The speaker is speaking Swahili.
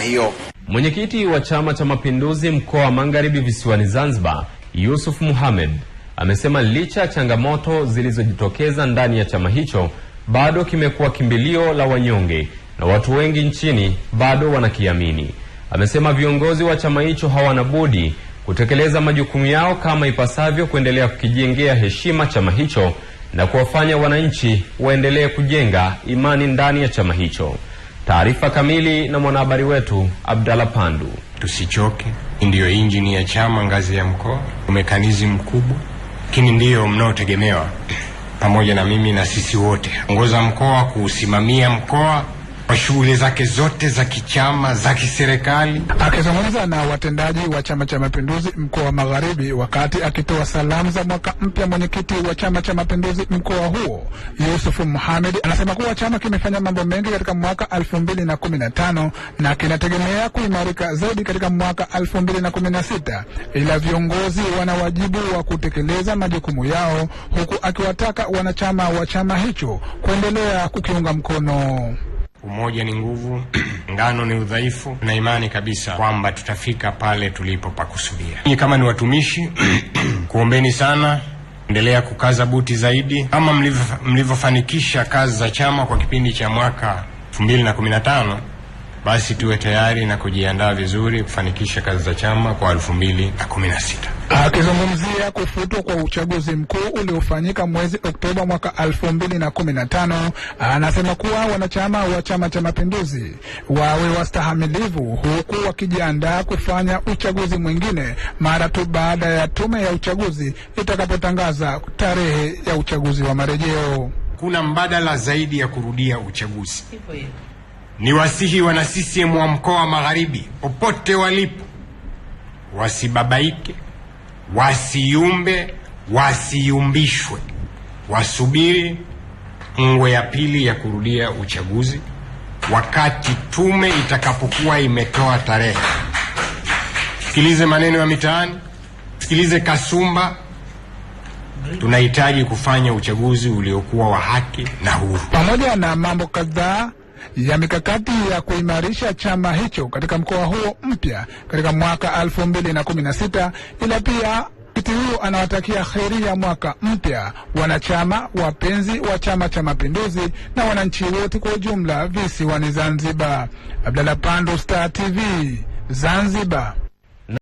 hiyo. Mwenyekiti wa Chama cha Mapinduzi mkoa wa Magharibi visiwani Zanzibar, Yusuf Muhamed, amesema licha ya changamoto zilizojitokeza ndani ya chama hicho bado kimekuwa kimbilio la wanyonge na watu wengi nchini bado wanakiamini. Amesema viongozi wa chama hicho hawana budi kutekeleza majukumu yao kama ipasavyo, kuendelea kukijengea heshima chama hicho na kuwafanya wananchi waendelee kujenga imani ndani ya chama hicho. Taarifa kamili na mwanahabari wetu Abdalla Pandu. Tusichoke ndiyo injini ya chama ngazi ya mkoa, umekanizi mkubwa, lakini ndiyo mnaotegemewa pamoja na mimi na sisi wote, ongoza mkoa, kuusimamia mkoa kwa shughuli zake zote za kichama za kiserikali. Akizungumza na watendaji wa Chama cha Mapinduzi mkoa wa Magharibi wakati akitoa salamu za mwaka mpya, mwenyekiti wa Chama cha Mapinduzi mkoa huo Yusuf Muhamed anasema kuwa chama kimefanya mambo mengi katika mwaka elfu mbili na kumi na tano na kinategemea kuimarika zaidi katika mwaka elfu mbili na kumi na sita ila viongozi wana wajibu wa kutekeleza majukumu yao, huku akiwataka wanachama wa chama hicho kuendelea kukiunga mkono. Umoja ni nguvu, ngano ni udhaifu, na imani kabisa kwamba tutafika pale pakusudia. Ninyi kama ni watumishi kuombeni sana, endelea kukaza buti zaidi, kama mlivyofanikisha kazi za chama kwa kipindi cha mwaka 2015 basi tuwe tayari na kujiandaa vizuri kufanikisha kazi za chama kwa sita. Akizungumzia kufutwa kwa uchaguzi mkuu uliofanyika mwezi Oktoba mwaka na tano anasema kuwa wanachama wa Chama cha Mapinduzi wawe wastahamilivu huku wakijiandaa kufanya uchaguzi mwingine mara tu baada ya tume ya uchaguzi itakapotangaza tarehe ya uchaguzi wa marejeo. Kuna mbadala zaidi ya kurudia uchaguzi ni wasihi wana CCM wa mkoa wa Magharibi popote walipo, wasibabaike, wasiyumbe, wasiyumbishwe, wasubiri ngwe ya pili ya kurudia uchaguzi, wakati tume itakapokuwa imetoa tarehe. Sikilize maneno ya mitaani, sikilize kasumba. Tunahitaji kufanya uchaguzi uliokuwa wa haki na huru. Pamoja na mambo kadhaa ya mikakati ya kuimarisha chama hicho katika mkoa huo mpya katika mwaka 2016 ila pia mwenyekiti huyo anawatakia kheri ya mwaka mpya wanachama, wapenzi wa Chama cha Mapinduzi na wananchi wote kwa ujumla visiwani Zanzibar. Abdalla Pando, Star TV, Zanzibar.